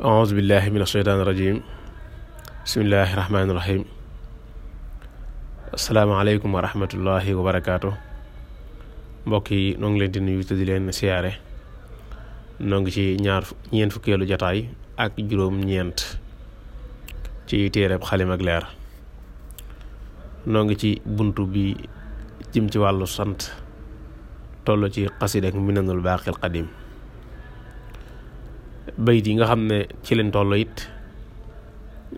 auzu billahi min asheytaani rajim bismillahi rahmaani rahim asalaamaaleykum wa rahmatullahi mbokk yi noo ngi leen di nuyu te di leen siyaare noo ngi ci ñaar ñeent fukkeelu jataay ak juróom-ñeent ci téereb xalim ak leer noo ngi ci bunt bi jëm ci wàllu sant toll ci xasida ak minanul baaqil qadim bayit yi nga xam ne ci leen toll it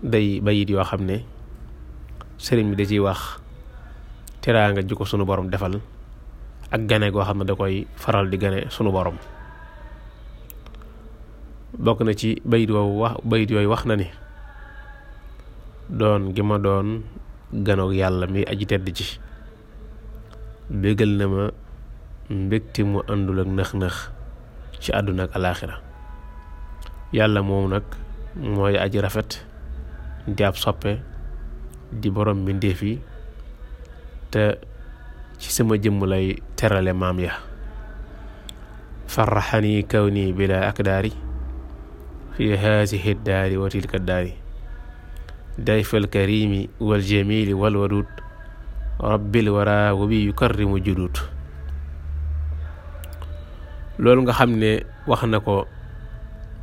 day bayit yoo xam ne sëriñ bi da ciy wax teraanga ji ko sunu borom defal ak gane goo xam ne da koy faral di gane sunu borom bokk na ci bayit yooy wax na ne doon gi ma doon ganoog yàlla mi aji tedd ci bégal na ma mbégte mu àndul ak nëx-nëx ci àdduna ak alaaxira yàlla moom nag mooy aj rafet di ab soppe di borom mbindéef yi te ci sama jëmm lay terale maam ya farraxani kaw nii bila akdaari fi haasihi daari wa tilka daari dayfal karimi wal jamili wal wadud rabbil wara wa bi yukarrimu judud loolu nga xam ne wax na ko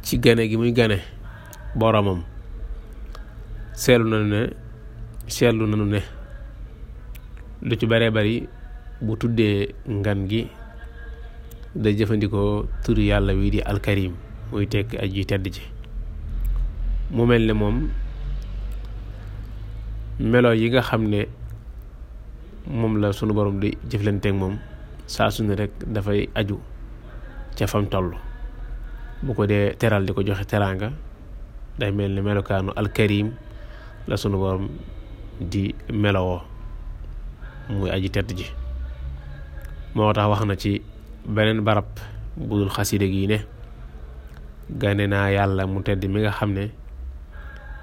ci gane gi muy gane boromam seetlu nañu ne seetlu nañu ne lu ci bare bari bu tuddee ngan gi day jëfandikoo turu yàlla wi di alkarim muy tekk aji tedd ci mu mel ni moom melo yi nga xam ne moom la sunu borom di jëflanteeg moom saa su ne dafay aju ca fam toll bu ko dee teral di ko joxe teraanga day mel ni melokaanu alkarim la sunu borom di melowoo muy aji tedd ji moo tax wax na ci beneen barab budul xasida gi ne gane naa yàlla mu tëdd mi nga xam ne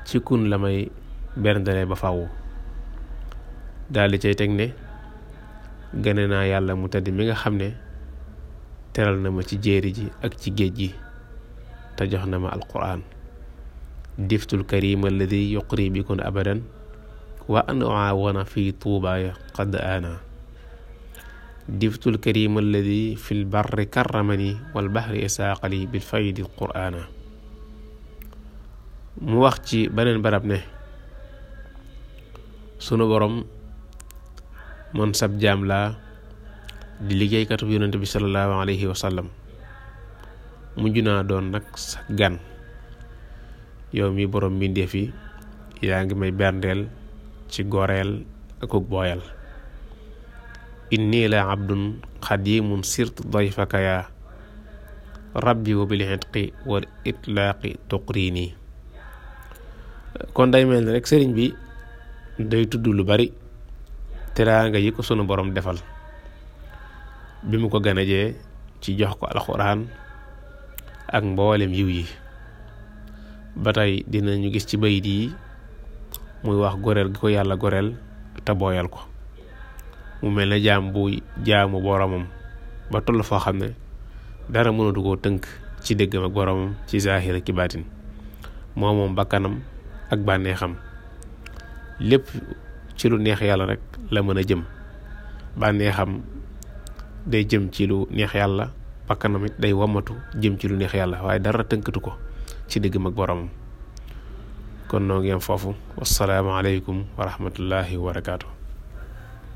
ci kun la may ba faw daal di cay teg naa yàlla mu tedd mi nga xam ne teral na ma ci jéeri ji ak ci géej gi te jox na ma alquran diftul karima alladi yuqri bikun abadan wa an uaawana fi tuubaaya qad aana diftul karima di fi lbarri karramani walbahri isaaqali bilfaydi quraana mu wax ci beneen barab ne sunu borom man sab jaam la di liggéeykatub yonent bi salallaahu alayhi wa mujj naa doon nag sa gan yow mi borom mbindeef yi yaa ngi may berndeel ci goreel akuk booyal inni la abdun xadimun sirt dayfaka yaa rabbi wa bil itqi wal itlaaqi tuqrini kon day mel ni sëriñ bi day tudd lu bari teraanga yi ko sunu boroom defal bi mu ko ganajee ci jox ko alxuraan ak mboolem yiw yi ba tey dina ñu gis ci bayit yi muy wax goreel gi ko yàlla goreel te ko mu mel ne jaam bu jaamu boromam ba toll foo xam ne dara mënatu koo tënk ci déggam ak boromam ci zaahir kibaatin baatin moo moom bakkanam ak bànneexam lépp ci lu neex yàlla rek la mën a jëm bànneexam day jëm ci lu neex yàlla bakkanam it day wamatu jëm ci lu neex yàlla waaye dara tënkatu ko ci diggam ak boromam kon noo ngi am foofu wasalaamaaleykum wa rahmatullahi wa